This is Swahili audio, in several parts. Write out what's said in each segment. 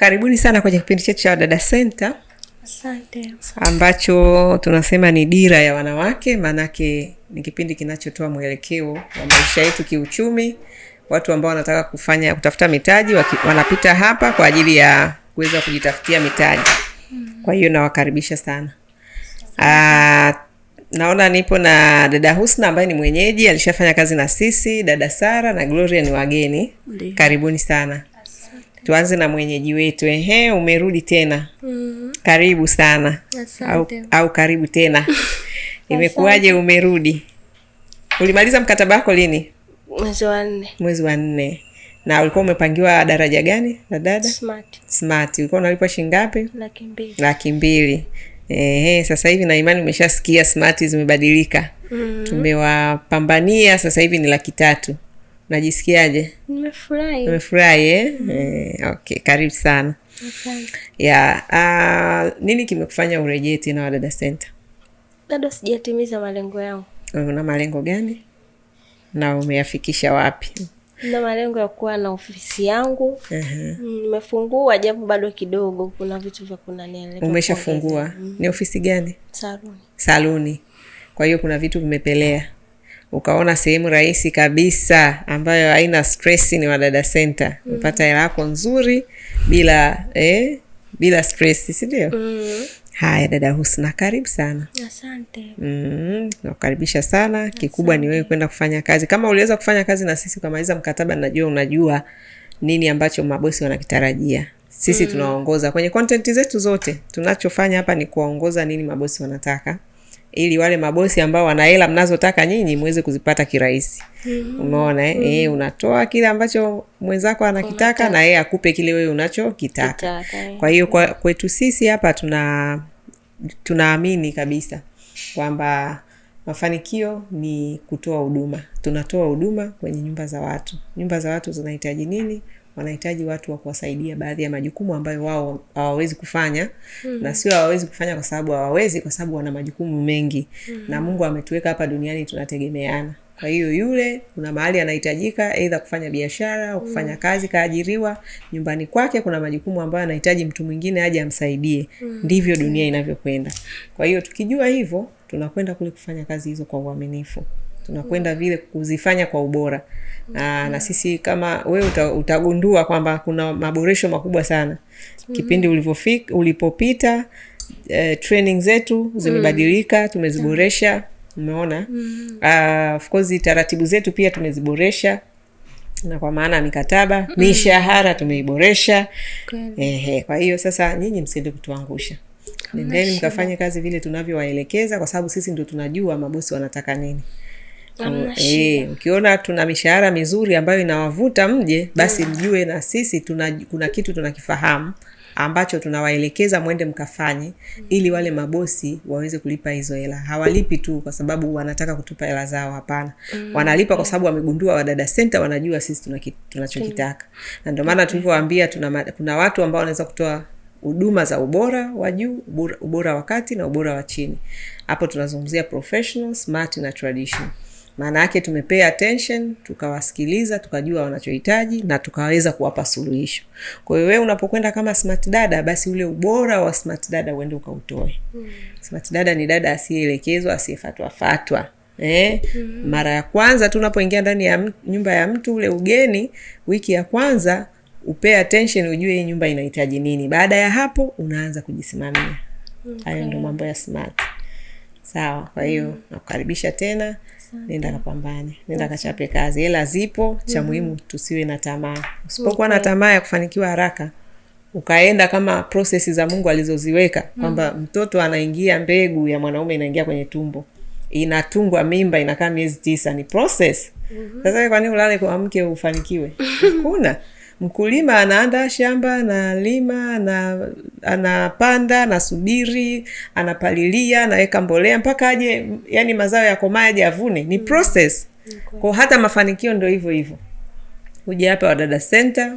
Karibuni sana kwenye kipindi chetu cha Wadada senta Asante. Ambacho tunasema ni dira ya wanawake, maanake ni kipindi kinachotoa mwelekeo wa maisha yetu kiuchumi. Watu ambao wanataka kufanya kutafuta mitaji waki, wanapita hapa kwa ajili ya kuweza kujitafutia mitaji. Hmm. Kwa hiyo nawakaribisha sana. Aa, ah, naona nipo na dada Husna ambaye ni mwenyeji, alishafanya kazi na sisi, dada Sara na Gloria ni wageni. Karibuni sana. Tuanze na mwenyeji wetu. Ehe, umerudi tena mm. Karibu sana au, au karibu tena imekuwaje? Umerudi, ulimaliza mkataba wako lini? Mwezi wa nne. Mwezi wa nne. Na ulikuwa umepangiwa daraja gani la dada? Smart. Smart. Ulikuwa unalipwa shingape Laki mbili. Ehe, sasa hivi na imani umeshasikia smart zimebadilika mm. Tumewapambania sasa hivi ni laki tatu najisikiaje Umefurahi eh? mm. E, okay, karibu sana okay. Yeah. Uh, nini kimekufanya urejee tena Wadada Center? Bado sijatimiza malengo yangu. Una malengo gani na umeyafikisha wapi? Na malengo ya kuwa na ofisi yangu nimefungua, uh -huh. Japo bado kidogo, kuna vitu vya kunanieleka. Umeshafungua? mm -hmm. Ni ofisi gani? Saluni. Saluni, kwa hiyo kuna vitu vimepelea ukaona sehemu rahisi kabisa ambayo haina stress ni Wadada Center mm. Upata hela yako nzuri bila eh, bila stress, si ndio? mm. Haya, dada Husna, karibu sana. Asante. Mm, nakukaribisha sana. Kikubwa ni wewe kwenda kufanya kazi. Kama uliweza kufanya kazi na sisi ukamaliza mkataba, najua unajua nini ambacho mabosi wanakitarajia. Sisi mm. tunawaongoza kwenye content zetu zote. Tunachofanya hapa ni kuwaongoza nini mabosi wanataka ili wale mabosi ambao wana hela mnazotaka nyinyi muweze kuzipata kirahisi. Mm-hmm. Umeona eh? Mm-hmm. E, unatoa kile ambacho mwenzako anakitaka na yeye akupe kile wewe unachokitaka. Eh. Kwa hiyo kwa kwetu sisi hapa tuna tunaamini kabisa kwamba mafanikio ni kutoa huduma. Tunatoa huduma kwenye nyumba za watu. Nyumba za watu zinahitaji nini? wanahitaji watu wa kuwasaidia baadhi ya majukumu ambayo wao hawawezi kufanya mm -hmm. na sio hawawezi kufanya kwa sababu hawawezi, kwa sababu wana majukumu mengi mm -hmm. na Mungu ametuweka hapa duniani tunategemeana. Kwa hiyo yule kuna mahali anahitajika aidha kufanya biashara au kufanya mm. kazi, kaajiriwa nyumbani kwake, kuna majukumu ambayo anahitaji mtu mwingine aje amsaidie mm. Ndivyo dunia inavyokwenda. Kwa hiyo tukijua hivyo, tunakwenda kule kufanya kazi hizo kwa uaminifu tunakwenda mm. vile kuzifanya kwa ubora mm. aa, ah, na mm. sisi kama wewe uta, utagundua kwamba kuna maboresho makubwa sana kipindi ulivyofika ulipopita. Uh, training zetu zimebadilika, tumeziboresha umeona. Uh, course taratibu zetu pia tumeziboresha na kwa maana ya mikataba, mishahara tumeiboresha. Ehe, kwa hiyo sasa nyinyi msiende kutuangusha, nendeni mkafanye kazi vile tunavyowaelekeza, kwa sababu sisi ndo tunajua mabosi wanataka nini. E, tuna mishahara mizuri ambayo inawavuta mje, basi mm. mjue na sisi tuna, kuna kitu tunakifahamu ambacho tunawaelekeza mwende mkafanye, mm. ili wale mabosi waweze kulipa hizo hela. Hawalipi tu kwa sababu wanataka kutupa hela zao, hapana. mm. wanalipa kwa mm. sababu wamegundua Wadada senta wanajua sisi tunachokitaka, mm. na ndio maana tulivyowaambia kuna watu ambao wanaweza kutoa huduma za ubora wa juu, ubora wa kati na ubora wa chini. Hapo tunazungumzia professional, smart na traditional. Maana yake tumepea attention, tukawasikiliza, tukajua wanachohitaji na tukaweza kuwapa suluhisho. Kwa hiyo wewe unapokwenda kama smart dada, basi ule ubora wa smart dada uende ukautoe. Mm. Smart dada ni dada asiyeelekezwa, asiyefatwa fatwa. Eh, mm. Mara ya kwanza tu unapoingia ndani ya nyumba ya mtu, ule ugeni, wiki ya kwanza upay attention, ujue hii nyumba inahitaji nini. Baada ya hapo unaanza kujisimamia. Hayo okay. mambo ya smart. Sawa. Kwa hiyo mm. nakukaribisha tena, nenda kapambane, nenda kachape kazi, hela zipo. Cha mm. muhimu tusiwe na tamaa. Usipokuwa okay. na tamaa ya kufanikiwa haraka ukaenda kama prosesi za Mungu alizoziweka mm. kwamba mm. mtoto anaingia, mbegu ya mwanaume inaingia kwenye tumbo, inatungwa mimba, inakaa miezi tisa, ni process mm-hmm. Sasa mm -hmm. kwa nini ulale kwa mke ufanikiwe? Hakuna. Mkulima anaandaa shamba, na lima na anapanda, na subiri anapalilia, anaweka mbolea mpaka aje, yani mazao yako aje avune. Ni mm. process mm, kwa hata mafanikio ndo hivyo hivyo. Uje hapa Wadada Center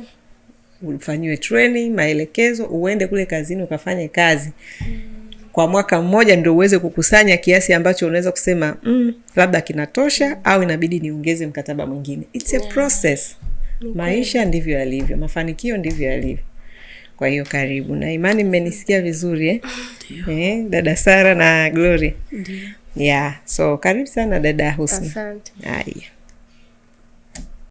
ufanyiwe training, maelekezo, uende kule kazini ukafanye kazi mm. kwa mwaka mmoja, ndio uweze kukusanya kiasi ambacho unaweza kusema mm, labda kinatosha au inabidi niongeze mkataba mwingine. It's a process. Okay. Maisha ndivyo yalivyo, mafanikio ndivyo yalivyo. Kwa hiyo karibu na imani, mmenisikia vizuri eh? Eh, dada Sara na Glory. Ndiyo. Yeah, so karibu sana dada Husna. Asante. Haya.